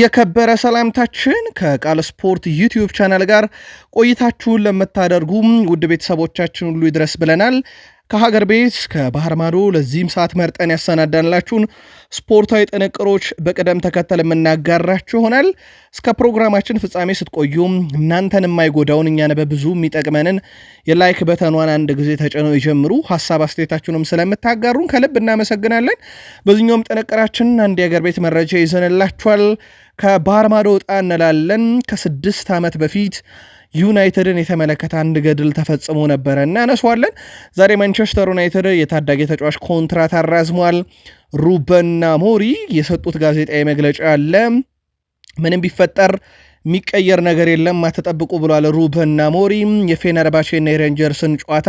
የከበረ ሰላምታችን ከቃል ስፖርት ዩቲዩብ ቻናል ጋር ቆይታችሁን ለምታደርጉ ውድ ቤተሰቦቻችን ሁሉ ይድረስ ብለናል። ከሀገር ቤት ከባህር ማዶ ለዚህም ሰዓት መርጠን ያሰናዳንላችሁን ስፖርታዊ ጥንቅሮች በቅደም ተከተል የምናጋራችሁ ይሆናል። እስከ ፕሮግራማችን ፍጻሜ ስትቆዩም እናንተን የማይጎዳውን እኛን በብዙ የሚጠቅመንን የላይክ በተኗን አንድ ጊዜ ተጭነው ይጀምሩ። ሀሳብ አስተያየታችሁንም ስለምታጋሩን ከልብ እናመሰግናለን። በዚኛውም ጥንቅራችን አንድ የሀገር ቤት መረጃ ይዘንላችኋል። ከባህር ማዶ ወጣ እንላለን። ከስድስት ዓመት በፊት ዩናይትድን የተመለከተ አንድ ገድል ተፈጽሞ ነበረ እናነሷለን። ዛሬ ማንቸስተር ዩናይትድ የታዳጊ ተጫዋች ኮንትራት አራዝሟል። ሩበን ሞሪ የሰጡት ጋዜጣዊ መግለጫ አለ። ምንም ቢፈጠር የሚቀየር ነገር የለም አትጠብቁ ብሏል ሩበን አሞሪም። የፌነርባቼና የሬንጀርስን ጨዋታ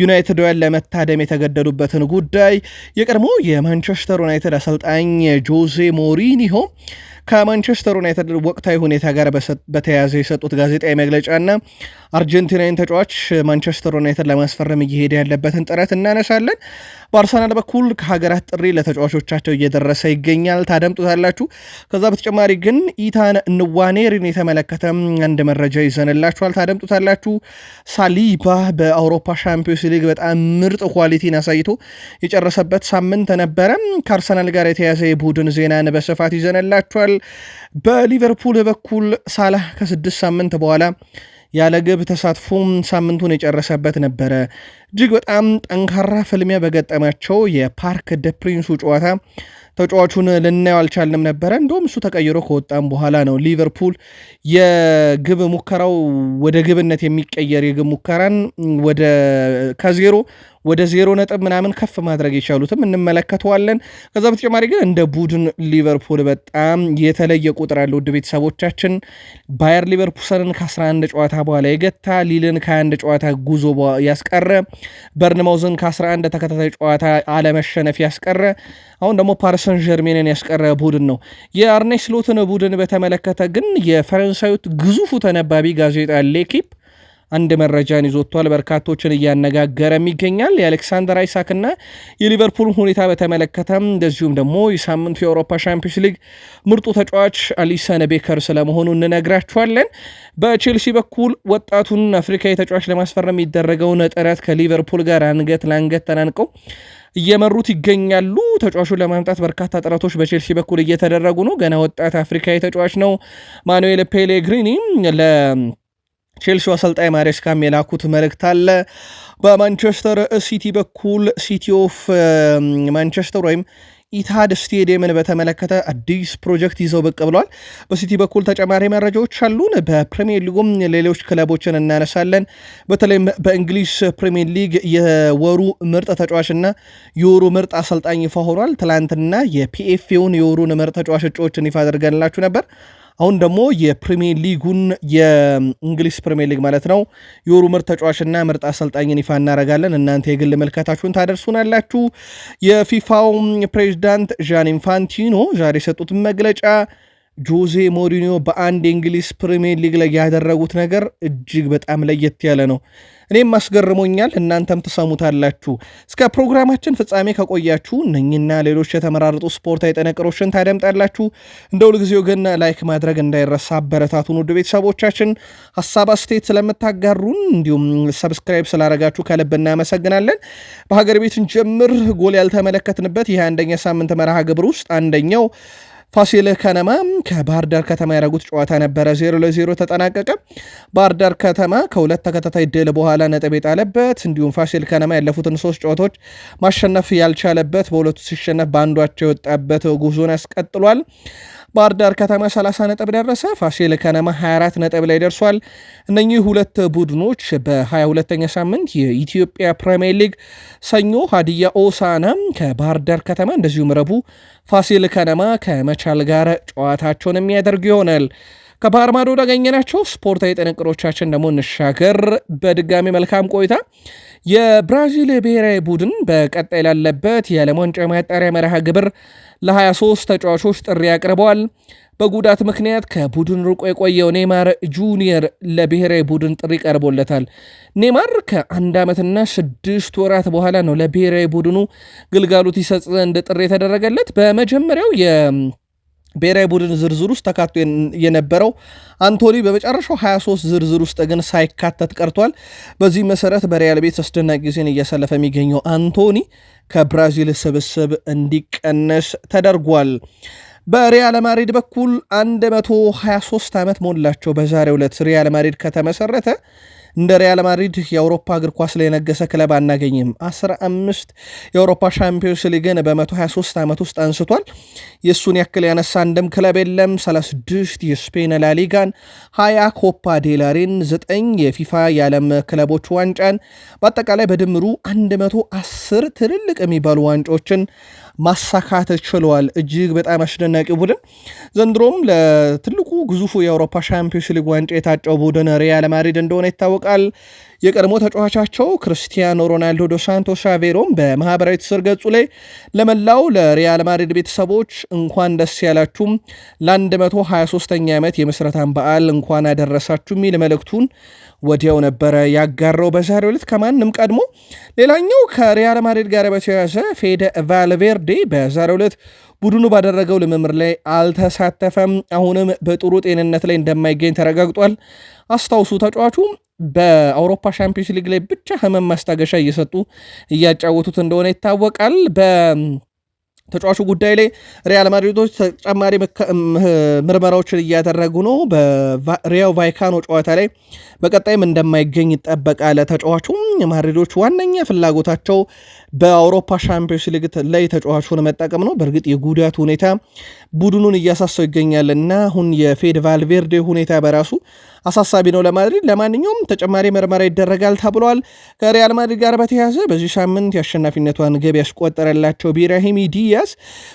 ዩናይትድን ለመታደም የተገደዱበትን ጉዳይ የቀድሞ የማንቸስተር ዩናይትድ አሰልጣኝ ጆዜ ሞሪኒሆ ከማንቸስተር ዩናይትድ ወቅታዊ ሁኔታ ጋር በተያያዘ የሰጡት ጋዜጣዊ መግለጫና አርጀንቲናዊን ተጫዋች ማንቸስተር ዩናይትድ ለማስፈረም እየሄደ ያለበትን ጥረት እናነሳለን። በአርሰናል በኩል ከሀገራት ጥሪ ለተጫዋቾቻቸው እየደረሰ ይገኛል። ታደምጡታላችሁ። ከዛ በተጨማሪ ግን ኢታን ንዋኔሪን የተመለከተ አንድ መረጃ ይዘንላችኋል። ታደምጡታላችሁ። ሳሊባ በአውሮፓ ሻምፒዮንስ ሊግ በጣም ምርጥ ኳሊቲን አሳይቶ የጨረሰበት ሳምንት ነበረ። ከአርሰናል ጋር የተያዘ የቡድን ዜናን በስፋት ይዘንላችኋል። ይጠበቃል። በሊቨርፑል በኩል ሳላህ ከስድስት ሳምንት በኋላ ያለ ግብ ተሳትፎም ሳምንቱን የጨረሰበት ነበረ። እጅግ በጣም ጠንካራ ፍልሚያ በገጠማቸው የፓርክ ደ ፕሪንሱ ጨዋታ ተጫዋቹን ልናየው አልቻልንም ነበረ። እንደውም እሱ ተቀይሮ ከወጣም በኋላ ነው ሊቨርፑል የግብ ሙከራው ወደ ግብነት የሚቀየር የግብ ሙከራን ወደ ከዜሮ ወደ ዜሮ ነጥብ ምናምን ከፍ ማድረግ የቻሉትም እንመለከተዋለን። ከዛ በተጨማሪ ግን እንደ ቡድን ሊቨርፑል በጣም የተለየ ቁጥር ያለው ውድ ቤተሰቦቻችን ባየር ሊቨርኩሰንን ከ11 ጨዋታ በኋላ የገታ ሊልን ከ21 ጨዋታ ጉዞ ያስቀረ በርንመውዝን ከ11 ተከታታይ ጨዋታ አለመሸነፍ ያስቀረ አሁን ደግሞ ፓሪሰን ጀርሜንን ያስቀረ ቡድን ነው። የአርኔ ስሎትን ቡድን በተመለከተ ግን የፈረንሳዩት ግዙፉ ተነባቢ ጋዜጣ ሌኪፕ አንድ መረጃን ይዞቷል። በርካቶችን እያነጋገረም ይገኛል። የአሌክሳንደር አይሳክና የሊቨርፑል ሁኔታ በተመለከተም እንደዚሁም ደግሞ የሳምንቱ የአውሮፓ ሻምፒዮንስ ሊግ ምርጡ ተጫዋች አሊሰን ቤከር ስለመሆኑ እንነግራችኋለን። በቼልሲ በኩል ወጣቱን አፍሪካዊ ተጫዋች ለማስፈረም የሚደረገውን ጥረት ከሊቨርፑል ጋር አንገት ለአንገት ተናንቀው እየመሩት ይገኛሉ። ተጫዋቹን ለማምጣት በርካታ ጥረቶች በቼልሲ በኩል እየተደረጉ ነው። ገና ወጣት አፍሪካዊ ተጫዋች ነው። ማኑኤል ፔሌግሪኒ ቼልሲው አሰልጣኝ ማሬስካም የላኩት መልእክት አለ። በማንቸስተር ሲቲ በኩል ሲቲ ኦፍ ማንቸስተር ወይም ኢትሃድ ስቴዲየምን በተመለከተ አዲስ ፕሮጀክት ይዘው ብቅ ብሏል። በሲቲ በኩል ተጨማሪ መረጃዎች አሉን። በፕሪሚየር ሊጉም ሌሎች ክለቦችን እናነሳለን። በተለይም በእንግሊዝ ፕሪሚየር ሊግ የወሩ ምርጥ ተጫዋችና የወሩ ምርጥ አሰልጣኝ ይፋ ሆኗል። ትላንትና የፒኤፍኤውን የወሩን ምርጥ ተጫዋች እጩዎችን ይፋ አድርገንላችሁ ነበር። አሁን ደግሞ የፕሪሚየር ሊጉን የእንግሊዝ ፕሪሚየር ሊግ ማለት ነው የወሩ ምርጥ ተጫዋችና ምርጥ አሰልጣኝን ይፋ እናደርጋለን። እናንተ የግል መልካታችሁን ታደርሱናላችሁ። የፊፋው ፕሬዚዳንት ዣን ኢንፋንቲኖ ዛሬ የሰጡት መግለጫ ጆዜ ሞሪኒዮ በአንድ የእንግሊዝ ፕሪሚየር ሊግ ላይ ያደረጉት ነገር እጅግ በጣም ለየት ያለ ነው። እኔም አስገርሞኛል፣ እናንተም ትሰሙታላችሁ። እስከ ፕሮግራማችን ፍጻሜ ከቆያችሁ እነኝና ሌሎች የተመራረጡ ስፖርታዊ ጥንቅሮችን ታደምጣላችሁ። እንደ ሁልጊዜው ግን ላይክ ማድረግ እንዳይረሳ። አበረታቱን ውድ ቤተሰቦቻችን። ሀሳብ አስተያየት ስለምታጋሩን እንዲሁም ሰብስክራይብ ስላረጋችሁ ከልብ እናመሰግናለን። በሀገር ቤትን ጀምር ጎል ያልተመለከትንበት ይህ አንደኛ ሳምንት መርሃ ግብር ውስጥ አንደኛው ፋሲል ከነማ ከባህር ዳር ከተማ ያደረጉት ጨዋታ ነበረ፣ ዜሮ ለዜሮ ተጠናቀቀ። ባህር ዳር ከተማ ከሁለት ተከታታይ ድል በኋላ ነጥብ የጣለበት እንዲሁም ፋሲል ከነማ ያለፉትን ሶስት ጨዋታዎች ማሸነፍ ያልቻለበት በሁለቱ ሲሸነፍ በአንዷቸው የወጣበት ጉዞን ያስቀጥሏል። ባህር ዳር ከተማ 30 ነጥብ ደረሰ። ፋሲል ከነማ 24 ነጥብ ላይ ደርሷል። እነኚህ ሁለት ቡድኖች በ22ኛ ሳምንት የኢትዮጵያ ፕሪሚየር ሊግ ሰኞ ሀዲያ ኦሳና ከባህር ዳር ከተማ እንደዚሁም ረቡዕ ፋሲል ከነማ ከመቻል ጋር ጨዋታቸውን የሚያደርጉ ይሆናል። ከባህር ማዶ ያገኘናቸው ስፖርታዊ ጥንቅሮቻችን ደግሞ እንሻገር። በድጋሚ መልካም ቆይታ። የብራዚል ብሔራዊ ቡድን በቀጣይ ላለበት የዓለም ዋንጫ ማጣሪያ መርሃ ግብር ለ23 ተጫዋቾች ጥሪ አቅርበዋል። በጉዳት ምክንያት ከቡድን ርቆ የቆየው ኔማር ጁኒየር ለብሔራዊ ቡድን ጥሪ ቀርቦለታል። ኔማር ከአንድ ዓመትና ስድስት ወራት በኋላ ነው ለብሔራዊ ቡድኑ ግልጋሎት ይሰጥ ዘንድ ጥሪ የተደረገለት። በመጀመሪያው የ ብሔራዊ ቡድን ዝርዝር ውስጥ ተካቶ የነበረው አንቶኒ በመጨረሻው 23 ዝርዝር ውስጥ ግን ሳይካተት ቀርቷል። በዚህ መሰረት በሪያል ቤት አስደናቂ ጊዜን እያሳለፈ የሚገኘው አንቶኒ ከብራዚል ስብስብ እንዲቀነስ ተደርጓል። በሪያል ማድሪድ በኩል 123 ዓመት ሞላቸው በዛሬው ዕለት ሪያል ማድሪድ ከተመሰረተ እንደ ሪያል ማድሪድ የአውሮፓ እግር ኳስ ላይ የነገሰ ክለብ አናገኝም። 15 የአውሮፓ ሻምፒዮንስ ሊግን በ123 ዓመት ውስጥ አንስቷል። የእሱን ያክል ያነሳ እንደም ክለብ የለም። 36 የስፔን ላሊጋን፣ 20 ኮፓ ዴላሬን፣ 9 የፊፋ የዓለም ክለቦች ዋንጫን በአጠቃላይ በድምሩ 110 ትልልቅ የሚባሉ ዋንጫዎችን ማሳካት ችለዋል። እጅግ በጣም አስደናቂ ቡድን ዘንድሮም ለትልቁ ግዙፉ የአውሮፓ ሻምፒዮንስ ሊግ ዋንጫ የታጨው ቡድን ሪያል ማድሪድ እንደሆነ ይታወቃል። የቀድሞ ተጫዋቻቸው ክርስቲያኖ ሮናልዶ ዶሳንቶ ሳቬሮም በማህበራዊ ትስስር ገጹ ላይ ለመላው ለሪያል ማድሪድ ቤተሰቦች እንኳን ደስ ያላችሁም ለ123ኛ ዓመት የምስረታን በዓል እንኳን አደረሳችሁ የሚል መልእክቱን ወዲያው ነበረ ያጋራው። በዛሬው ዕለት ከማንም ቀድሞ ሌላኛው ከሪያል ማድሪድ ጋር በተያያዘ ፌደ ቫልቬርዴ በዛሬው ዕለት ቡድኑ ባደረገው ልምምር ላይ አልተሳተፈም። አሁንም በጥሩ ጤንነት ላይ እንደማይገኝ ተረጋግጧል። አስታውሱ ተጫዋቹ በአውሮፓ ሻምፒዮንስ ሊግ ላይ ብቻ ህመም ማስታገሻ እየሰጡ እያጫወቱት እንደሆነ ይታወቃል። በተጫዋቹ ጉዳይ ላይ ሪያል ማድሪዶች ተጨማሪ ምርመራዎችን እያደረጉ ነው። በሪያው ቫይካኖ ጨዋታ ላይ በቀጣይም እንደማይገኝ ይጠበቃል። ተጫዋቹም የማድሪዶች ዋነኛ ፍላጎታቸው በአውሮፓ ሻምፒዮንስ ሊግ ላይ ተጫዋቹን መጠቀም ነው። በእርግጥ የጉዳት ሁኔታ ቡድኑን እያሳሰው እና አሁን የፌድ ቫልቬርዴ ሁኔታ በራሱ አሳሳቢ ነው ለማድሪድ። ለማንኛውም ተጨማሪ ምርመራ ይደረጋል ተብሏል። ከሪያል ማድሪድ ጋር በተያያዘ በዚህ ሳምንት የአሸናፊነቷን ግብ ያስቆጠረላቸው ቢራሂሚ ዲያስ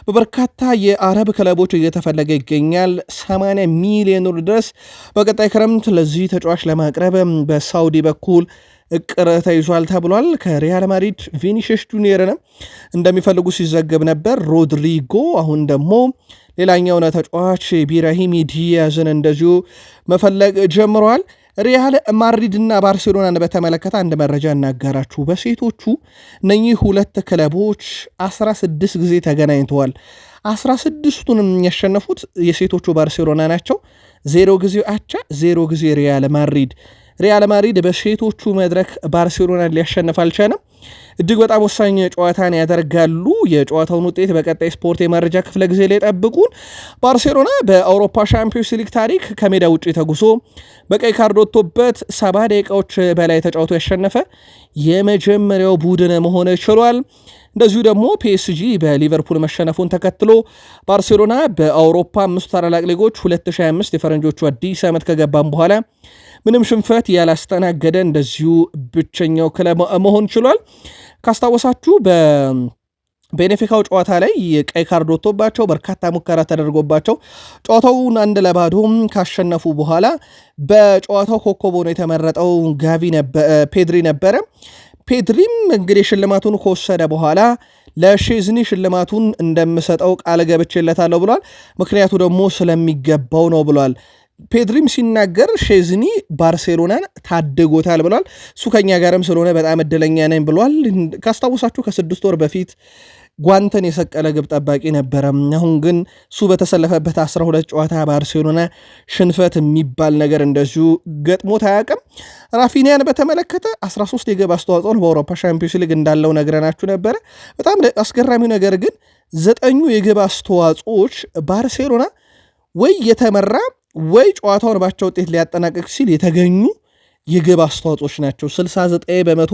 በበርካታ የአረብ ክለቦች እየተፈለገ ይገኛል። 80 ሚሊዮን ድረስ በቀጣይ ክረምት ለዚህ ተጫዋች ለማቅረብ በሳውዲ በኩል እቅር ተይዟል ተብሏል። ከሪያል ማድሪድ ቪኒሽስ ጁኒየርን እንደሚፈልጉ ሲዘገብ ነበር። ሮድሪጎ አሁን ደግሞ ሌላኛው ተጫዋች ቢራሂም ዲያዝን እንደዚሁ መፈለግ ጀምረዋል። ሪያል ማድሪድ እና ባርሴሎናን በተመለከተ አንድ መረጃ እናጋራችሁ። በሴቶቹ እነኚህ ሁለት ክለቦች 16 ጊዜ ተገናኝተዋል። 16ቱን የሚያሸነፉት የሴቶቹ ባርሴሎና ናቸው። ዜሮ ጊዜ አቻ፣ ዜሮ ጊዜ ሪያል ማድሪድ ሪያል ማድሪድ በሴቶቹ መድረክ ባርሴሎና ሊያሸንፍ አልቻለም። እጅግ በጣም ወሳኝ ጨዋታን ያደርጋሉ። የጨዋታውን ውጤት በቀጣይ ስፖርት የመረጃ ክፍለ ጊዜ ላይ ጠብቁን። ባርሴሎና በአውሮፓ ሻምፒዮንስ ሊግ ታሪክ ከሜዳ ውጭ ተጉሶ በቀይ ካርድ ወጥቶበት ሰባ ደቂቃዎች በላይ ተጫውቶ ያሸነፈ የመጀመሪያው ቡድን መሆን ችሏል። እንደዚሁ ደግሞ ፒኤስጂ በሊቨርፑል መሸነፉን ተከትሎ ባርሴሎና በአውሮፓ አምስቱ ታላላቅ ሊጎች 2025 የፈረንጆቹ አዲስ ዓመት ከገባም በኋላ ምንም ሽንፈት ያላስተናገደ እንደዚሁ ብቸኛው ክለብ መሆን ችሏል። ካስታወሳችሁ በ ቤኔፊካው ጨዋታ ላይ ቀይ ካርድ ወጥቶባቸው በርካታ ሙከራ ተደርጎባቸው ጨዋታውን አንድ ለባዶ ካሸነፉ በኋላ በጨዋታው ኮከብ ሆኖ የተመረጠው ጋቪ ፔድሪ ነበረ። ፔድሪም እንግዲህ ሽልማቱን ከወሰደ በኋላ ለሼዝኒ ሽልማቱን እንደምሰጠው ቃል ገብቼለታለሁ ብሏል። ምክንያቱ ደግሞ ስለሚገባው ነው ብሏል። ፔድሪም ሲናገር ሼዝኒ ባርሴሎናን ታድጎታል ብሏል። እሱ ከኛ ጋርም ስለሆነ በጣም እድለኛ ነኝ ብሏል። ካስታወሳችሁ ከስድስት ወር በፊት ጓንትን የሰቀለ ግብ ጠባቂ ነበረ። አሁን ግን እሱ በተሰለፈበት 12 ጨዋታ ባርሴሎና ሽንፈት የሚባል ነገር እንደዚሁ ገጥሞት አያውቅም። ራፊኒያን በተመለከተ 13 የግብ አስተዋጽኦን በአውሮፓ ሻምፒዮንስ ሊግ እንዳለው ነግረናችሁ ነበረ። በጣም አስገራሚው ነገር ግን ዘጠኙ የግብ አስተዋጽኦች ባርሴሎና ወይ የተመራ ወይ ጨዋታውን ባቻ ውጤት ሊያጠናቀቅ ሲል የተገኙ የግብ አስተዋጽኦች ናቸው። 69 በመቶ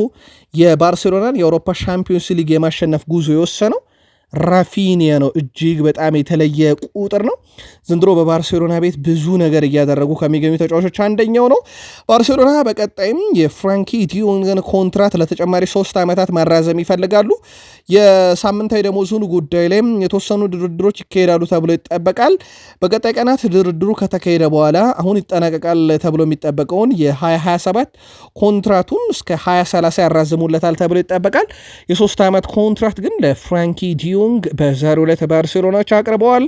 የባርሴሎናን የአውሮፓ ሻምፒዮንስ ሊግ የማሸነፍ ጉዞ የወሰነው ራፊኒያ ነው። እጅግ በጣም የተለየ ቁጥር ነው። ዘንድሮ በባርሴሎና ቤት ብዙ ነገር እያደረጉ ከሚገኙ ተጫዋቾች አንደኛው ነው። ባርሴሎና በቀጣይም የፍራንኪ ዲዮንግን ኮንትራት ለተጨማሪ ሶስት ዓመታት ማራዘም ይፈልጋሉ። የሳምንታዊ ደሞዙን ጉዳይ ላይም የተወሰኑ ድርድሮች ይካሄዳሉ ተብሎ ይጠበቃል። በቀጣይ ቀናት ድርድሩ ከተካሄደ በኋላ አሁን ይጠናቀቃል ተብሎ የሚጠበቀውን የ2027 ኮንትራቱን እስከ 2030 ያራዝሙለታል ተብሎ ይጠበቃል። የሶስት ዓመት ኮንትራት ግን ለፍራንኪ ዲዮንግ በዛሬው ዕለት ባርሴሎናዎች አቅርበዋል።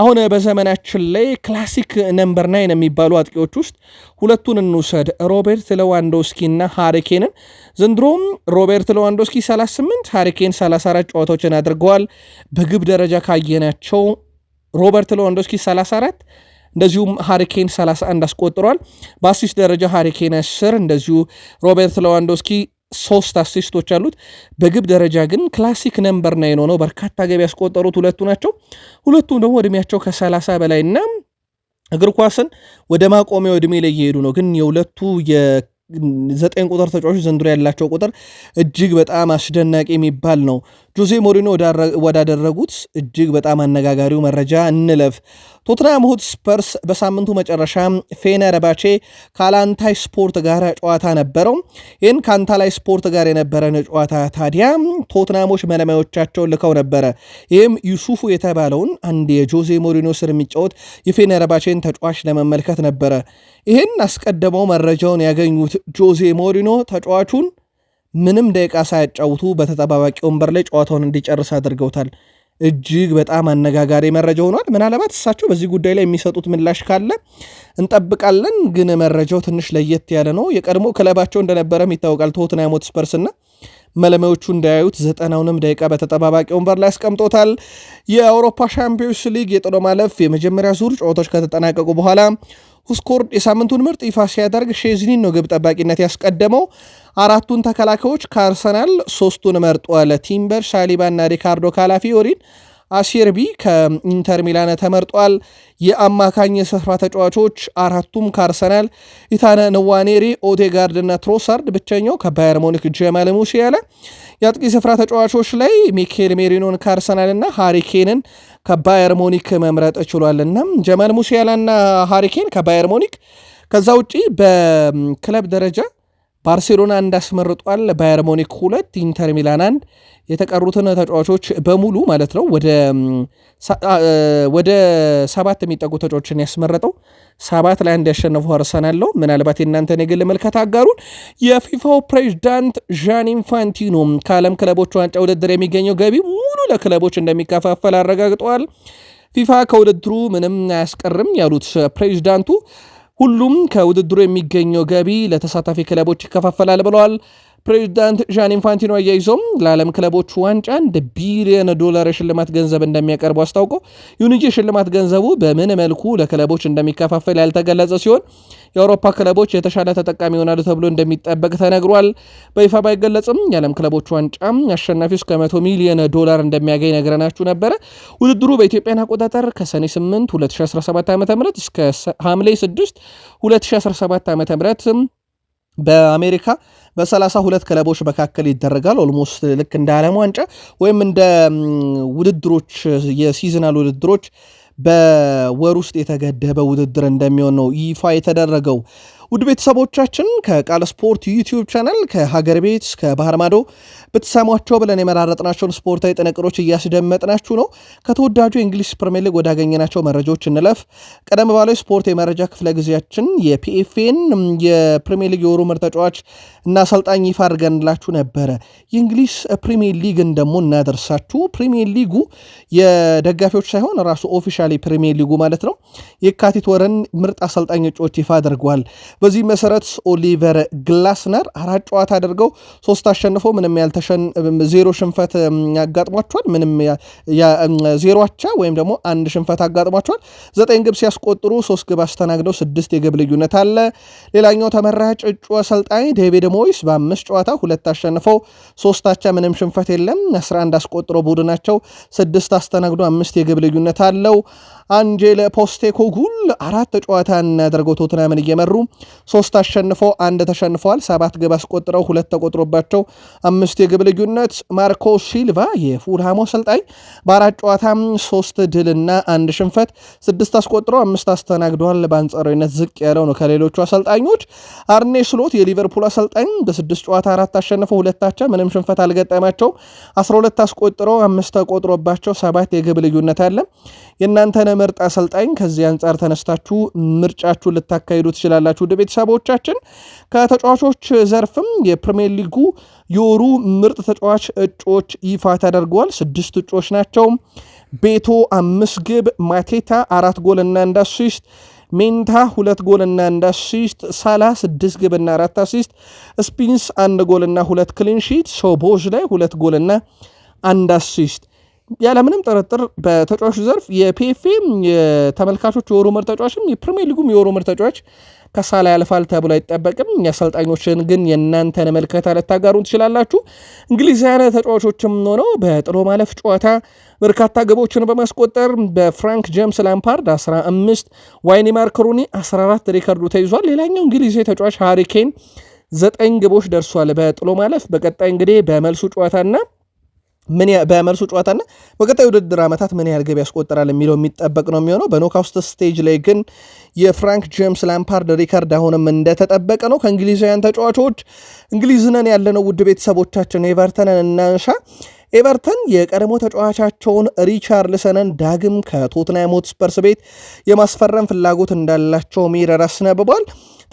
አሁን በዘመናችን ላይ ክላሲክ ነምበር ናይን የሚባሉ አጥቂዎች ውስጥ ሁለቱን እንውሰድ፣ ሮቤርት ሌዋንዶስኪ እና ሃሪኬንን። ዘንድሮም ሮቤርት ሌዋንዶስኪ 38 ሃሪኬን 34 ጨዋታዎችን አድርገዋል። በግብ ደረጃ ካየናቸው ሮበርት ሌዋንዶስኪ 34 እንደዚሁም ሃሪኬን 31 አስቆጥሯል። በአሲስት ደረጃ ሃሪኬን 10 እንደዚሁ ሮቤርት ሌዋንዶስኪ ሶስት አሲስቶች አሉት። በግብ ደረጃ ግን ክላሲክ ነምበር ናይን ሆነው በርካታ ገቢ ያስቆጠሩት ሁለቱ ናቸው። ሁለቱም ደግሞ እድሜያቸው ከሰላሳ በላይና እግር ኳስን ወደ ማቆሚያው እድሜ ላይ እየሄዱ ነው። ግን የሁለቱ የዘጠኝ ቁጥር ተጫዋቾች ዘንድሮ ያላቸው ቁጥር እጅግ በጣም አስደናቂ የሚባል ነው። ጆዜ ሞሪኖ ወዳደረጉት እጅግ በጣም አነጋጋሪው መረጃ እንለፍ። ቶትናም ሆትስፐርስ በሳምንቱ መጨረሻ ፌነረባቼ ከአላንታይ ስፖርት ጋር ጨዋታ ነበረው። ይህን ከአንታላይ ስፖርት ጋር የነበረን ጨዋታ ታዲያ ቶትናሞች መለማዮቻቸውን ልከው ነበረ። ይህም ዩሱፉ የተባለውን አንድ የጆዜ ሞሪኖ ስር የሚጫወት የፌነርባቼን ተጫዋች ለመመልከት ነበረ። ይህን አስቀድመው መረጃውን ያገኙት ጆዜ ሞሪኖ ተጫዋቹን ምንም ደቂቃ ሳያጫውቱ በተጠባባቂ ወንበር ላይ ጨዋታውን እንዲጨርስ አድርገውታል። እጅግ በጣም አነጋጋሪ መረጃ ሆኗል። ምናልባት እሳቸው በዚህ ጉዳይ ላይ የሚሰጡት ምላሽ ካለ እንጠብቃለን። ግን መረጃው ትንሽ ለየት ያለ ነው። የቀድሞ ክለባቸው እንደነበረም ይታወቃል። ቶትንሃም ሆትስፐርስና መለመዎቹ እንዳያዩት ዘጠናውንም ደቂቃ በተጠባባቂ ወንበር ላይ አስቀምጦታል። የአውሮፓ ሻምፒዮንስ ሊግ የጥሎ ማለፍ የመጀመሪያ ዙር ጨዋታዎች ከተጠናቀቁ በኋላ ሁስኮርድ የሳምንቱን ምርጥ ይፋ ሲያደርግ ሼዝኒን ነው ግብ ጠባቂነት ያስቀደመው። አራቱን ተከላካዮች ከአርሰናል ሶስቱን መርጧል። ቲምበር፣ ሻሊባ ሳሊባና ሪካርዶ ካላፊዮሪን አሴርቢ ከኢንተር ሚላን ተመርጧል። የአማካኝ ስፍራ ተጫዋቾች አራቱም ከአርሰናል ኢታነ ንዋኔሪ፣ ኦዴጋርድና ትሮሳርድ፣ ብቸኛው ከባየር ሞኒክ ጀማል ሙሲያለ። የአጥቂ ስፍራ ተጫዋቾች ላይ ሚኬል ሜሪኖን ከአርሰናልና ሃሪኬንን ከባየር ሞኒክ መምረጥ ችሏልና ጀማል ሙሲያላና ሃሪኬን ከባየር ሞኒክ ከዛ ውጪ በክለብ ደረጃ ባርሴሎና እንዳስመርጧል። ባየር ሞኒክ ሁለት፣ ኢንተር ሚላን አንድ፣ የተቀሩትን ተጫዋቾች በሙሉ ማለት ነው ወደ ሰባት የሚጠጉ ተጫዋቾችን ያስመረጠው ሰባት ላይ ያሸነፈው አርሰናል ነው። ምናልባት የእናንተን የግል ምልከታ አጋሩን። የፊፋው ፕሬዚዳንት ዣን ኢንፋንቲኖ ከዓለም ክለቦች ዋንጫ ውድድር የሚገኘው ገቢ ሙሉ ለክለቦች እንደሚከፋፈል አረጋግጠዋል። ፊፋ ከውድድሩ ምንም አያስቀርም ያሉት ፕሬዚዳንቱ ሁሉም ከውድድሩ የሚገኘው ገቢ ለተሳታፊ ክለቦች ይከፋፈላል ብለዋል። ፕሬዚዳንት ዣን ኢንፋንቲኖ አያይዞም ለዓለም ክለቦች ዋንጫ አንድ ቢሊዮን ዶላር የሽልማት ገንዘብ እንደሚያቀርቡ አስታውቀ ይሁን እንጂ የሽልማት ገንዘቡ በምን መልኩ ለክለቦች እንደሚከፋፈል ያልተገለጸ ሲሆን የአውሮፓ ክለቦች የተሻለ ተጠቃሚ ይሆናሉ ተብሎ እንደሚጠበቅ ተነግሯል። በይፋ ባይገለጽም የዓለም ክለቦች ዋንጫ አሸናፊው እስከ 100 ሚሊዮን ዶላር እንደሚያገኝ ነግረናችሁ ነበረ። ውድድሩ በኢትዮጵያን አቆጣጠር ከሰኔ 8 2017 ዓ ም እስከ ሐምሌ 6 2017 ዓ ም በአሜሪካ በሰላሳ ሁለት ክለቦች መካከል ይደረጋል። ኦልሞስት ልክ እንደ ዓለም ዋንጫ ወይም እንደ ውድድሮች የሲዝናል ውድድሮች በወር ውስጥ የተገደበ ውድድር እንደሚሆን ነው ይፋ የተደረገው። ውድ ቤተሰቦቻችን ከቃል ስፖርት ዩቲዩብ ቻናል ከሀገር ቤት ከባህር ማዶ ብትሰሟቸው ብለን የመራረጥናቸውን ስፖርታዊ ጥንቅሮች እያስደመጥናችሁ ነው። ከተወዳጁ የእንግሊዝ ፕሪሚየር ሊግ ወዳገኘናቸው መረጃዎች እንለፍ። ቀደም ባለው ስፖርት የመረጃ ክፍለ ጊዜያችን የፒኤፍኤን የፕሪሚየር ሊግ የወሩ ምርጥ ተጫዋች እና አሰልጣኝ ይፋ አድርገንላችሁ ነበረ። የእንግሊዝ ፕሪሚየር ሊግን ደግሞ እናደርሳችሁ። ፕሪሚየር ሊጉ የደጋፊዎች ሳይሆን ራሱ ኦፊሻሊ ፕሪሚየር ሊጉ ማለት ነው የካቲት ወርን ምርጥ አሰልጣኝ እጩዎች ይፋ አድርጓል። በዚህ መሰረት ኦሊቨር ግላስነር አራት ጨዋታ አድርገው ሶስት አሸንፎ ምንም ያልተሸን ዜሮ ሽንፈት ያጋጥሟቸዋል። ምንም ዜሮ አቻ ወይም ደግሞ አንድ ሽንፈት አጋጥሟቸዋል። ዘጠኝ ግብ ሲያስቆጥሩ ሶስት ግብ አስተናግደው ስድስት የግብ ልዩነት አለ። ሌላኛው ተመራጭ እጩ አሰልጣኝ ዴቪድ ሞይስ በአምስት ጨዋታ ሁለት አሸንፈው ሶስት አቻ ምንም ሽንፈት የለም። 11 አስቆጥሮ ቡድናቸው ስድስት አስተናግዶ አምስት የግብ ልዩነት አለው። አንጄለ ፖስቴኮግሉ አራት ጨዋታን አድርገው ቶትናምን እየመሩ ሶስት አሸንፎ አንድ ተሸንፈዋል። ሰባት ግብ አስቆጥረው ሁለት ተቆጥሮባቸው አምስት የግብ ልዩነት። ማርኮ ሲልቫ የፉልሃሞ አሰልጣኝ በአራት ጨዋታ ሶስት ድልና አንድ ሽንፈት ስድስት አስቆጥሮ አምስት አስተናግደዋል። በአንጻራዊነት ዝቅ ያለው ነው ከሌሎቹ አሰልጣኞች። አርኔ ስሎት የሊቨርፑል አሰልጣኝ በስድስት ጨዋታ አራት አሸንፎ ሁለት አቻ ምንም ሽንፈት አልገጠማቸውም። አስራ ሁለት አስቆጥረው አምስት ተቆጥሮባቸው ሰባት የግብ ልዩነት አለ የእናንተን ምርጥ አሰልጣኝ። ከዚህ አንጻር ተነስታችሁ ምርጫችሁን ልታካሂዱ ትችላላችሁ። ወደ ቤተሰቦቻችን ከተጫዋቾች ዘርፍም የፕሪሚየር ሊጉ የወሩ ምርጥ ተጫዋች እጩዎች ይፋ ተደርገዋል። ስድስት እጩዎች ናቸው። ቤቶ አምስት ግብ፣ ማቴታ አራት ጎል እና አንድ አሲስት ሜንታ ሁለት ጎል እና አንድ አሲስት፣ ሳላ ስድስት ግብ እና አራት አሲስት፣ ስፒንስ አንድ ጎል እና ሁለት ክሊንሺት፣ ሶቦዝ ላይ ሁለት ጎል እና አንድ አሲስት ያለምንም ጥርጥር በተጫዋቹ ዘርፍ የፒኤፍኤም የተመልካቾች የወሩ ምርጥ ተጫዋችም የፕሪሚየር ሊጉም የወሩ ምርጥ ተጫዋች ከሳላ ያልፋል ተብሎ አይጠበቅም። የአሰልጣኞችን ግን የእናንተን ምልከታ ልታጋሩን ትችላላችሁ። እንግሊዛውያን ተጫዋቾችም ሆነው በጥሎ ማለፍ ጨዋታ በርካታ ግቦችን በማስቆጠር በፍራንክ ጄምስ ላምፓርድ 15፣ ዋይኒማር ክሩኒ 14 ሪከርዱ ተይዟል። ሌላኛው እንግሊዛዊ ተጫዋች ሃሪኬን ዘጠኝ ግቦች ደርሷል በጥሎ ማለፍ በቀጣይ እንግዲህ በመልሱ ጨዋታና ምን በመልሱ ጨዋታና በቀጣይ ውድድር ዓመታት ምን ያህል ግብ ያስቆጠራል የሚለው የሚጠበቅ ነው የሚሆነው። በኖካውስት ስቴጅ ላይ ግን የፍራንክ ጄምስ ላምፓርድ ሪከርድ አሁንም እንደተጠበቀ ነው። ከእንግሊዛውያን ተጫዋቾች እንግሊዝነን ያለነው ውድ ቤተሰቦቻችን ኤቨርተንን እናንሻ። ኤቨርተን የቀድሞ ተጫዋቻቸውን ሪቻርልሰንን ዳግም ከቶትናም ሆትስፐርስ ቤት የማስፈረም ፍላጎት እንዳላቸው ሚረር አስነብቧል።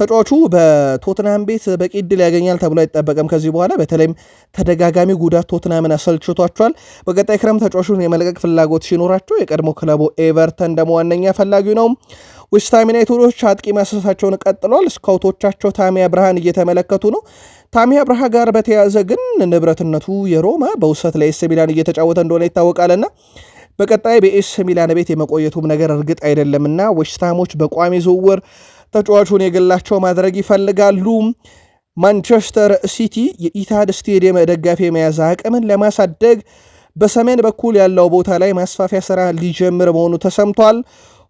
ተጫዋቹ በቶትናም ቤት በቂ እድል ያገኛል ተብሎ አይጠበቅም ከዚህ በኋላ በተለይም ተደጋጋሚ ጉዳት ቶትናምን አሰልችቷቸዋል። በቀጣይ ክረም ተጫዋቹን የመለቀቅ ፍላጎት ሲኖራቸው የቀድሞ ክለቡ ኤቨርተን ደግሞ ዋነኛ ፈላጊ ነው። ዌስትሃም ዩናይትዶች አጥቂ ማሰሳቸውን ቀጥሏል። ስካውቶቻቸው ታሚ አብርሃን እየተመለከቱ ነው። ታሚ አብርሃ ጋር በተያያዘ ግን ንብረትነቱ የሮማ በውሰት ለኤስ ሚላን እየተጫወተ እንደሆነ ይታወቃልና በቀጣይ በኤስ ሚላን ቤት የመቆየቱም ነገር እርግጥ አይደለምና ዌስትሃሞች በቋሚ ዝውውር ተጫዋቹን የግላቸው ማድረግ ይፈልጋሉ። ማንቸስተር ሲቲ የኢታድ ስቴዲየም ደጋፊ የመያዝ አቅምን ለማሳደግ በሰሜን በኩል ያለው ቦታ ላይ ማስፋፊያ ስራ ሊጀምር መሆኑ ተሰምቷል።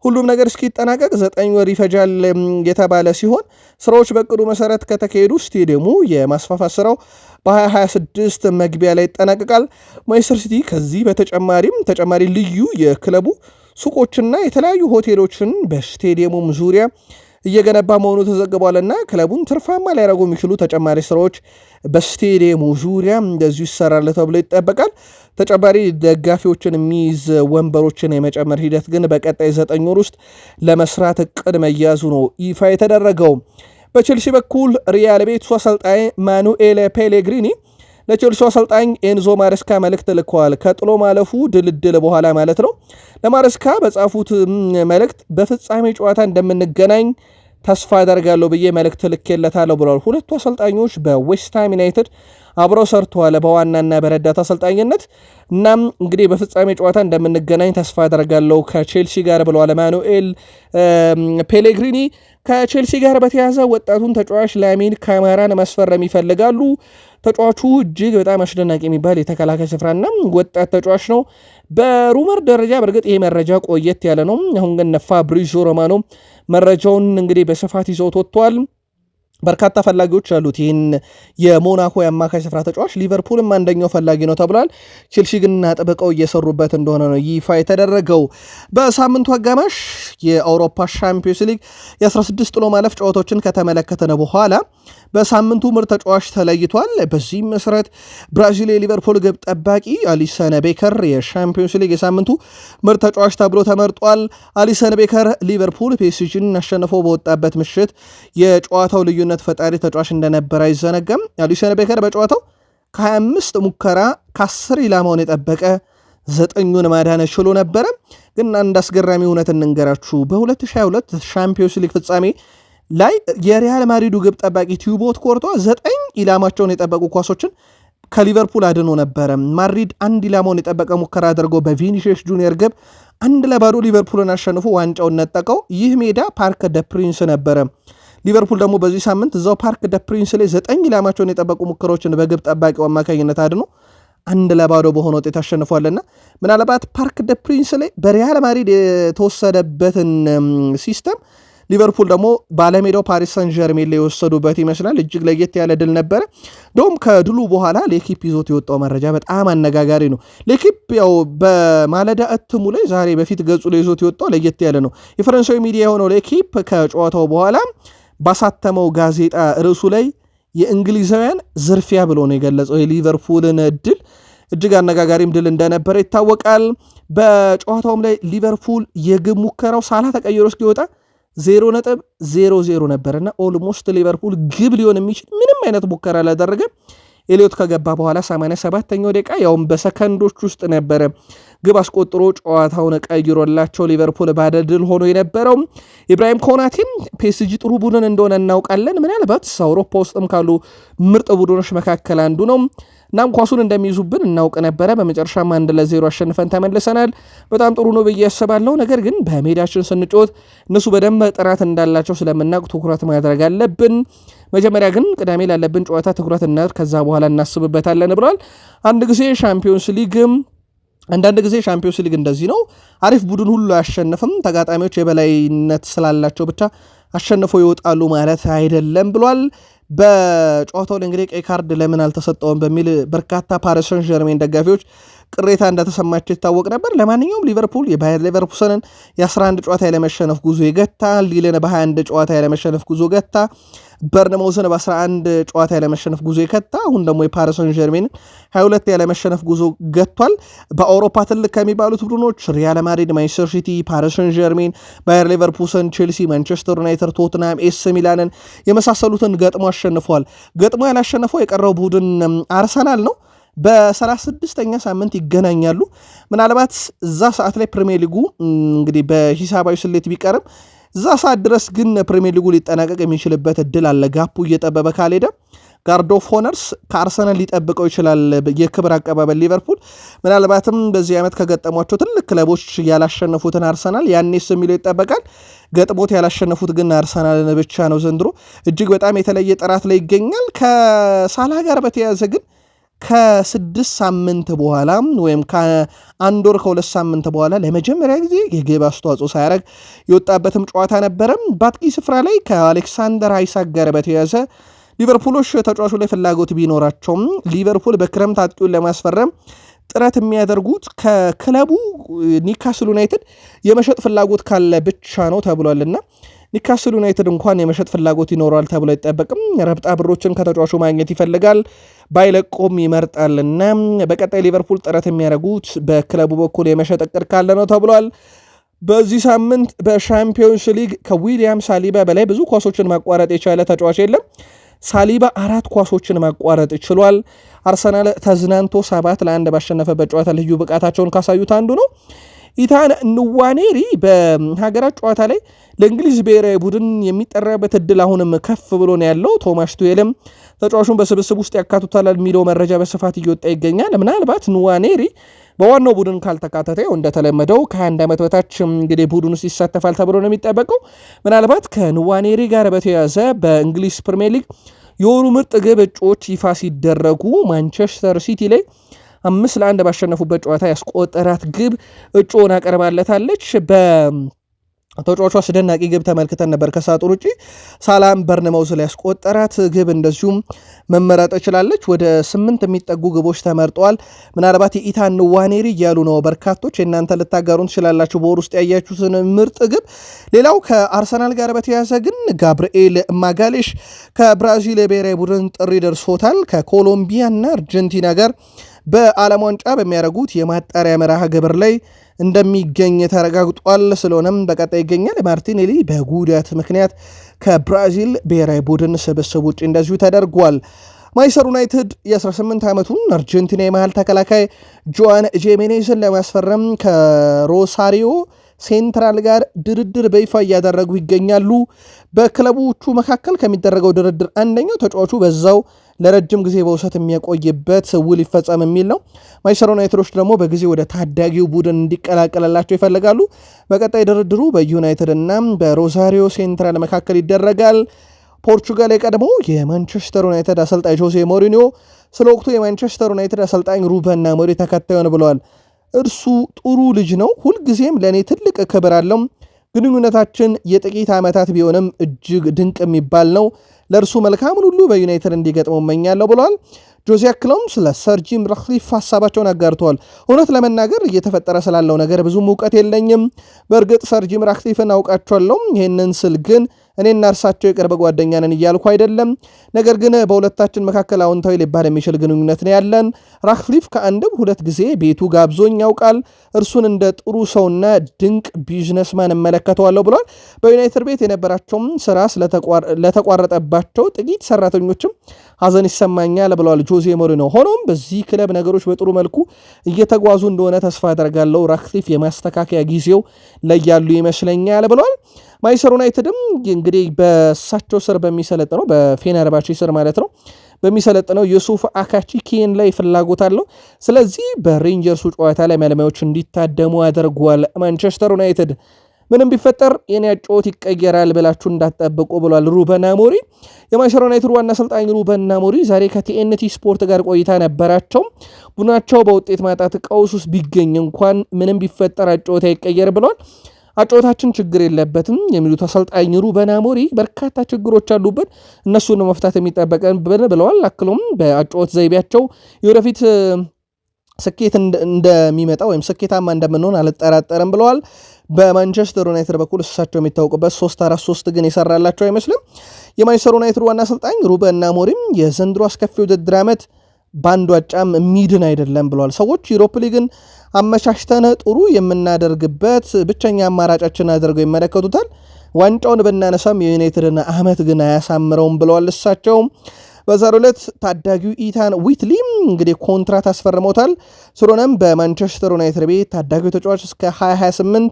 ሁሉም ነገር እስኪጠናቀቅ ዘጠኝ ወር ይፈጃል የተባለ ሲሆን ስራዎች በቅዱ መሰረት ከተካሄዱ ስቴዲየሙ የማስፋፋት ስራው በ2026 መግቢያ ላይ ይጠናቀቃል። ማንቸስተር ሲቲ ከዚህ በተጨማሪም ተጨማሪ ልዩ የክለቡ ሱቆችና የተለያዩ ሆቴሎችን በስቴዲየሙም ዙሪያ እየገነባ መሆኑ ተዘግቧልና ክለቡን ትርፋማ ሊያደርጉ የሚችሉ ተጨማሪ ስራዎች በስቴዲየሙ ዙሪያ እንደዚሁ ይሰራል ተብሎ ይጠበቃል። ተጨማሪ ደጋፊዎችን የሚይዝ ወንበሮችን የመጨመር ሂደት ግን በቀጣይ ዘጠኝ ወር ውስጥ ለመስራት እቅድ መያዙ ነው ይፋ የተደረገው። በቼልሲ በኩል ሪያል ቤቱ አሰልጣኝ ማኑኤል ፔሌግሪኒ ለቸልሲ አሰልጣኝ ኤንዞ ማረስካ መልእክት ልከዋል። ከጥሎ ማለፉ ድልድል በኋላ ማለት ነው። ለማረስካ በጻፉት መልእክት በፍጻሜ ጨዋታ እንደምንገናኝ ተስፋ አደርጋለሁ ብዬ መልእክት ልኬለታለሁ ብለዋል። ሁለቱ አሰልጣኞች በዌስትሃም ዩናይትድ አብረው ሰርተዋል በዋናና በረዳት አሰልጣኝነት። እናም እንግዲህ በፍጻሜ ጨዋታ እንደምንገናኝ ተስፋ አደርጋለሁ ከቼልሲ ጋር ብለዋል። ማኑኤል ፔሌግሪኒ ከቼልሲ ጋር በተያያዘ ወጣቱን ተጫዋች ላሚን ካማራን መስፈረም ይፈልጋሉ። ተጫዋቹ እጅግ በጣም አስደናቂ የሚባል የተከላካይ ስፍራና ወጣት ተጫዋች ነው። በሩመር ደረጃ በእርግጥ ይሄ መረጃ ቆየት ያለ ነው። አሁን ግን ፋብሪዚዮ ሮማኖ መረጃውን እንግዲህ በስፋት ይዘውት ወጥተዋል። በርካታ ፈላጊዎች አሉት ይህን የሞናኮ የአማካይ ስፍራ ተጫዋች። ሊቨርፑልም አንደኛው ፈላጊ ነው ተብሏል። ቼልሲ ግን አጥብቀው እየሰሩበት እንደሆነ ነው ይፋ የተደረገው። በሳምንቱ አጋማሽ የአውሮፓ ሻምፒዮንስ ሊግ የ16 ጥሎ ማለፍ ጨዋታዎችን ከተመለከተነ በኋላ በሳምንቱ ምርጥ ተጫዋች ተለይቷል። በዚህም መሰረት ብራዚል የሊቨርፑል ግብ ጠባቂ አሊሰን ቤከር የሻምፒዮንስ ሊግ የሳምንቱ ምርጥ ተጫዋች ተብሎ ተመርጧል። አሊሰን ቤከር ሊቨርፑል ፔሲጅን አሸንፎ በወጣበት ምሽት የጨዋታው ልዩነት ፈጣሪ ተጫዋች እንደነበረ አይዘነጋም። አሊሰን ቤከር በጨዋታው ከ25 ሙከራ ከ10 ኢላማውን የጠበቀ ዘጠኙን ማዳነ ችሎ ነበረ። ግን አንድ አስገራሚ እውነት እንንገራችሁ በ2022 ሻምፒዮንስ ሊግ ፍጻሜ ላይ የሪያል ማድሪዱ ግብ ጠባቂ ቲዩቦት ኮርቶ ዘጠኝ ኢላማቸውን የጠበቁ ኳሶችን ከሊቨርፑል አድኖ ነበረ። ማድሪድ አንድ ኢላማውን የጠበቀ ሙከራ አድርጎ በቪኒሽስ ጁኒየር ግብ አንድ ለባዶ ሊቨርፑልን አሸንፎ ዋንጫውን ነጠቀው። ይህ ሜዳ ፓርክ ደ ፕሪንስ ነበረ። ሊቨርፑል ደግሞ በዚህ ሳምንት እዛው ፓርክ ደ ፕሪንስ ላይ ዘጠኝ ኢላማቸውን የጠበቁ ሙከራዎችን በግብ ጠባቂው አማካኝነት አድኖ አንድ ለባዶ በሆነ ውጤት አሸንፏልና ምናልባት ፓርክ ደ ፕሪንስ ላይ በሪያል ማድሪድ የተወሰደበትን ሲስተም ሊቨርፑል ደግሞ ባለሜዳው ፓሪስ ሳን ጀርሜን ላይ የወሰዱበት ይመስላል። እጅግ ለየት ያለ ድል ነበረ። እንደውም ከድሉ በኋላ ሌኪፕ ይዞት የወጣው መረጃ በጣም አነጋጋሪ ነው። ሌኪፕ ያው በማለዳ እትሙ ላይ ዛሬ በፊት ገጹ ላይ ይዞት የወጣው ለየት ያለ ነው። የፈረንሳዊ ሚዲያ የሆነው ሌኪፕ ከጨዋታው በኋላ ባሳተመው ጋዜጣ ርዕሱ ላይ የእንግሊዛውያን ዝርፊያ ብሎ ነው የገለጸው የሊቨርፑልን ድል እጅግ አነጋጋሪም ድል እንደነበረ ይታወቃል። በጨዋታውም ላይ ሊቨርፑል የግብ ሙከራው ሳላ ተቀይሮ እስኪወጣ ዜሮ ነጥብ ዜሮ ዜሮ ነበርና ኦልሞስት ሊቨርፑል ግብ ሊሆን የሚችል ምንም አይነት ሙከራ አላደረገም። ኤሊዮት ከገባ በኋላ 87ኛው ደቂቃ ያውም በሰከንዶች ውስጥ ነበረ ግብ አስቆጥሮ ጨዋታውን ቀይሮላቸው ሊቨርፑል ባለድል ሆኖ የነበረው። ኢብራሂም ኮናቴም ፔስጂ ጥሩ ቡድን እንደሆነ እናውቃለን። ምናልባት አውሮፓ ውስጥም ካሉ ምርጥ ቡድኖች መካከል አንዱ ነው። እናም ኳሱን እንደሚይዙብን እናውቅ ነበረ። በመጨረሻም አንድ ለዜሮ አሸንፈን ተመልሰናል። በጣም ጥሩ ነው ብዬ አስባለሁ። ነገር ግን በሜዳችን ስንጮት እነሱ በደንብ ጥራት እንዳላቸው ስለምናውቅ ትኩረት ማድረግ አለብን። መጀመሪያ ግን ቅዳሜ ላለብን ጨዋታ ትኩረት እናድር፣ ከዛ በኋላ እናስብበታለን ብሏል። አንድ ጊዜ ሻምፒዮንስ ሊግም አንዳንድ ጊዜ ሻምፒዮንስ ሊግ እንደዚህ ነው። አሪፍ ቡድን ሁሉ አያሸንፍም። ተጋጣሚዎች የበላይነት ስላላቸው ብቻ አሸንፈው ይወጣሉ ማለት አይደለም ብሏል። በጨዋታው ላይ እንግዲህ ቀይ ካርድ ለምን አልተሰጠውም በሚል በርካታ ፓሪሰን ጀርሜን ዠርሜን ደጋፊዎች ቅሬታ እንደተሰማቸው ይታወቅ ነበር። ለማንኛውም ሊቨርፑል የባየር ሊቨርፑሰንን የ11 ጨዋታ ያለመሸነፍ ጉዞ የገታ ሊልን በ21 ጨዋታ ያለመሸነፍ ጉዞ ገታ። በርነሞስን በ11 ጨዋታ ያለመሸነፍ ጉዞ የከታ አሁን ደግሞ የፓሪሰን ጀርሜንን 22 ያለመሸነፍ ጉዞ ገጥቷል። በአውሮፓ ትልቅ ከሚባሉት ቡድኖች ሪያል ማድሪድ፣ ማንቸስተር ሲቲ፣ ፓሪሰን ጀርሜን፣ ባየር ሌቨርፑልን፣ ቼልሲ፣ ማንቸስተር ዩናይትድ፣ ቶትናም፣ ኤስ ሚላንን የመሳሰሉትን ገጥሞ አሸንፏል። ገጥሞ ያላሸነፈው የቀረው ቡድን አርሰናል ነው። በ36ኛ ሳምንት ይገናኛሉ። ምናልባት እዛ ሰዓት ላይ ፕሪሚየር ሊጉ እንግዲህ በሂሳባዊ ስሌት ቢቀርም እዛ ሰዓት ድረስ ግን ፕሪሚየር ሊጉ ሊጠናቀቅ የሚችልበት እድል አለ። ጋፑ እየጠበበ ካልሄደ ጋርድ ኦፍ ሆነርስ ከአርሰናል ሊጠብቀው ይችላል። የክብር አቀባበል ሊቨርፑል ምናልባትም በዚህ ዓመት ከገጠሟቸው ትልቅ ክለቦች ያላሸነፉትን አርሰናል ያኔስ የሚለው ይጠበቃል። ገጥሞት ያላሸነፉት ግን አርሰናልን ብቻ ነው። ዘንድሮ እጅግ በጣም የተለየ ጥራት ላይ ይገኛል። ከሳላ ጋር በተያያዘ ግን ከስድስት ሳምንት በኋላ ወይም ከአንድ ወር ከሁለት ሳምንት በኋላ ለመጀመሪያ ጊዜ የግብ አስተዋጽኦ ሳያደርግ የወጣበትም ጨዋታ ነበረም። በአጥቂ ስፍራ ላይ ከአሌክሳንደር አይሳክ ጋር በተያያዘ ሊቨርፑሎች ተጫዋቹ ላይ ፍላጎት ቢኖራቸውም ሊቨርፑል በክረምት አጥቂውን ለማስፈረም ጥረት የሚያደርጉት ከክለቡ ኒካስል ዩናይትድ የመሸጥ ፍላጎት ካለ ብቻ ነው ተብሏልና ኒካስል ዩናይትድ እንኳን የመሸጥ ፍላጎት ይኖረዋል ተብሎ አይጠበቅም። ረብጣ ብሮችን ከተጫዋቹ ማግኘት ይፈልጋል፣ ባይለቆም ይመርጣልና በቀጣይ ሊቨርፑል ጥረት የሚያደርጉት በክለቡ በኩል የመሸጥ እቅድ ካለ ነው ተብሏል። በዚህ ሳምንት በሻምፒዮንስ ሊግ ከዊሊያም ሳሊባ በላይ ብዙ ኳሶችን ማቋረጥ የቻለ ተጫዋች የለም። ሳሊባ አራት ኳሶችን ማቋረጥ ችሏል። አርሰናል ተዝናንቶ ሰባት ለአንድ ባሸነፈበት ጨዋታ ልዩ ብቃታቸውን ካሳዩት አንዱ ነው። ኢታን ንዋኔሪ በሀገራት ጨዋታ ላይ ለእንግሊዝ ብሔራዊ ቡድን የሚጠራበት እድል አሁንም ከፍ ብሎ ነው ያለው። ቶማስ ቱዌልም ተጫዋቹን በስብስብ ውስጥ ያካቱታል የሚለው መረጃ በስፋት እየወጣ ይገኛል። ምናልባት ንዋኔሪ በዋናው ቡድን ካልተካተተ ያው እንደተለመደው ከአንድ ዓመት በታች እንግዲህ ቡድን ውስጥ ይሳተፋል ተብሎ ነው የሚጠበቀው። ምናልባት ከንዋኔሪ ጋር በተያያዘ በእንግሊዝ ፕሪሚየር ሊግ የወሩ ምርጥ ግብ እጩዎች ይፋ ሲደረጉ ማንቸስተር ሲቲ ላይ አምስት ለአንድ ባሸነፉበት ጨዋታ ያስቆጠራት ግብ እጩ አቀርባለታለች። በ ተጫዋቹ አስደናቂ ግብ ተመልክተን ነበር። ከሳጥን ውጪ ሳላም በርንመውዝ ላይ ያስቆጠራት ግብ እንደዚሁም መመረጥ ችላለች። ወደ ስምንት የሚጠጉ ግቦች ተመርጠዋል። ምናልባት የኢታን ንዋኔሪ እያሉ ነው በርካቶች። የእናንተ ልታጋሩን ትችላላችሁ በወር ውስጥ ያያችሁትን ምርጥ ግብ። ሌላው ከአርሰናል ጋር በተያያዘ ግን ጋብርኤል ማጋሌሽ ከብራዚል የብሔራዊ ቡድን ጥሪ ደርሶታል። ከኮሎምቢያና አርጀንቲና ጋር በዓለም ዋንጫ በሚያደርጉት የማጣሪያ መርሃ ግብር ላይ እንደሚገኝ ተረጋግጧል። ስለሆነም በቀጣይ ይገኛል። ማርቲኔሊ በጉዳት ምክንያት ከብራዚል ብሔራዊ ቡድን ስብስብ ውጭ እንደዚሁ ተደርጓል። ማንችስተር ዩናይትድ የ18 ዓመቱን አርጀንቲና የመሃል ተከላካይ ጆዋን ጄሜኔዝን ለማስፈረም ከሮሳሪዮ ሴንትራል ጋር ድርድር በይፋ እያደረጉ ይገኛሉ። በክለቦቹ መካከል ከሚደረገው ድርድር አንደኛው ተጫዋቹ በዛው ለረጅም ጊዜ በውሰት የሚያቆይበት ውል ይፈጸም የሚል ነው። ማንቸስተር ዩናይትዶች ደግሞ በጊዜ ወደ ታዳጊው ቡድን እንዲቀላቀልላቸው ይፈልጋሉ። በቀጣይ ድርድሩ በዩናይትድ እና በሮዛሪዮ ሴንትራል መካከል ይደረጋል። ፖርቹጋል የቀድሞ የማንቸስተር ዩናይትድ አሰልጣኝ ጆሴ ሞሪኒዮ ስለ ወቅቱ የማንቸስተር ዩናይትድ አሰልጣኝ ሩበን አሞሪም ተከታዩን ብለዋል። እርሱ ጥሩ ልጅ ነው። ሁልጊዜም ለእኔ ትልቅ ክብር አለው። ግንኙነታችን የጥቂት ዓመታት ቢሆንም እጅግ ድንቅ የሚባል ነው። ለእርሱ መልካምን ሁሉ በዩናይትድ እንዲገጥመው እመኛለሁ ብለዋል። ጆዜ አክለውም ስለ ሰር ጂም ራትክሊፍ ሀሳባቸውን አጋርተዋል። እውነት ለመናገር እየተፈጠረ ስላለው ነገር ብዙም እውቀት የለኝም። በእርግጥ ሰር ጂም ራትክሊፍን አውቃቸዋለሁ። ይህንን ስል ግን እኔና እርሳቸው የቅርብ ጓደኛ ነን እያልኩ አይደለም። ነገር ግን በሁለታችን መካከል አዎንታዊ ሊባል የሚችል ግንኙነት ነው ያለን። ራክሊፍ ከአንድም ሁለት ጊዜ ቤቱ ጋብዞኝ ያውቃል። እርሱን እንደ ጥሩ ሰውና ድንቅ ቢዝነስማን እመለከተዋለሁ ብሏል። በዩናይትድ ቤት የነበራቸውም ስራ ለተቋረጠባቸው ጥቂት ሰራተኞችም ሀዘን ይሰማኛል ብለዋል ጆዜ ሞሪኖ። ሆኖም በዚህ ክለብ ነገሮች በጥሩ መልኩ እየተጓዙ እንደሆነ ተስፋ አደርጋለሁ። ራክሊፍ የማስተካከያ ጊዜው ላይ ያሉ ይመስለኛል ብለዋል። ማንቸስተር ዩናይትድም እንግዲህ በእሳቸው ስር በሚሰለጥነው በፌነርባቼ ስር ማለት ነው በሚሰለጥነው ዩሱፍ አካቺ ኬን ላይ ፍላጎት አለው። ስለዚህ በሬንጀርሱ ጨዋታ ላይ መልማዮች እንዲታደሙ አድርጓል። ማንቸስተር ዩናይትድ ምንም ቢፈጠር የኔ ጨዋታ ይቀየራል ብላችሁ እንዳትጠብቁ ብሏል ሩበን አሞሪም። የማንቸስተር ዩናይትድ ዋና አሰልጣኝ ሩበን ሞሪ ዛሬ ከቲኤንቲ ስፖርት ጋር ቆይታ ነበራቸው። ቡናቸው በውጤት ማጣት ቀውስ ውስጥ ቢገኝ እንኳን ምንም ቢፈጠር ጨዋታ ይቀየር ብሏል። አጨዋወታችን ችግር የለበትም የሚሉት አሰልጣኝ ሩበን አሞሪ በርካታ ችግሮች አሉበት፣ እነሱን መፍታት የሚጠበቀን ብለዋል። አክሎም በአጨዋወት ዘይቤያቸው የወደፊት ስኬት እንደሚመጣ ወይም ስኬታማ እንደምንሆን አልጠራጠርም ብለዋል። በማንቸስተር ዩናይትድ በኩል እሳቸው የሚታወቁበት ሶስት አራት ሶስት ግን የሰራላቸው አይመስልም። የማንቸስተር ዩናይትድ ዋና አሰልጣኝ ሩበን አሞሪም የዘንድሮ አስከፊ ውድድር ዓመት በአንዷ ጫም የሚድን አይደለም ብለዋል። ሰዎች ዩሮፕ ሊግን አመሻሽተን ጥሩ የምናደርግበት ብቸኛ አማራጫችን አድርገው ይመለከቱታል። ዋንጫውን ብናነሳም የዩናይትድን አመት ግን አያሳምረውም ብለዋል። እሳቸውም በዛሬው ዕለት ታዳጊው ኢታን ዊትሊ እንግዲህ ኮንትራት አስፈርመውታል። ስለሆነም በማንቸስተር ዩናይትድ ቤት ታዳጊው ተጫዋች እስከ 2028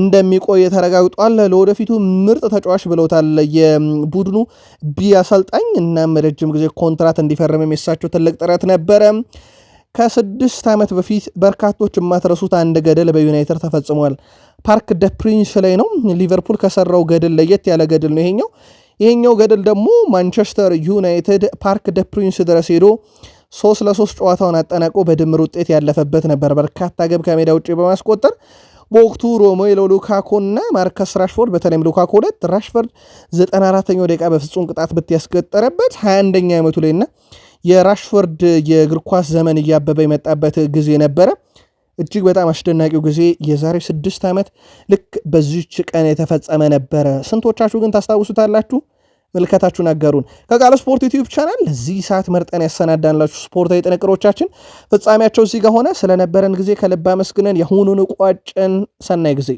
እንደሚቆይ ተረጋግጧል። ለወደፊቱ ምርጥ ተጫዋች ብለውታል የቡድኑ ቢ አሰልጣኝ። እናም ረጅም ጊዜ ኮንትራት እንዲፈርም የሚሳቸው ትልቅ ጥረት ነበረ። ከስድስት ዓመት በፊት በርካቶች የማትረሱት አንድ ገድል በዩናይትድ ተፈጽሟል። ፓርክ ደ ፕሪንስ ላይ ነው። ሊቨርፑል ከሰራው ገድል ለየት ያለ ገድል ነው ይሄኛው። ይሄኛው ገድል ደግሞ ማንቸስተር ዩናይትድ ፓርክ ደ ፕሪንስ ድረስ ሄዶ ሶስት ለሶስት ጨዋታውን አጠናቆ በድምር ውጤት ያለፈበት ነበር። በርካታ ግብ ከሜዳ ውጭ በማስቆጠር በወቅቱ ሮሜሎ ሉካኮ እና ማርከስ ራሽፎርድ በተለይም ሉካኮ ሁለት ራሽፎርድ 94ኛው ደቂቃ በፍጹም ቅጣት ብት ያስቆጠረበት 21ኛ ዓመቱ ላይና የራሽፎርድ የእግር ኳስ ዘመን እያበበ የመጣበት ጊዜ ነበረ። እጅግ በጣም አስደናቂው ጊዜ የዛሬ ስድስት ዓመት ልክ በዚች ቀን የተፈጸመ ነበረ። ስንቶቻችሁ ግን ታስታውሱታላችሁ? ምልከታችሁን አጋሩን። ከቃለ ስፖርት ዩቲዩብ ቻናል ለዚህ ሰዓት መርጠን ያሰናዳንላችሁ ስፖርታዊ ጥንቅሮቻችን ፍጻሜያቸው እዚህ ጋ ሆነ። ስለነበረን ጊዜ ከልብ አመስግነን የሁኑን ቋጭን። ሰናይ ጊዜ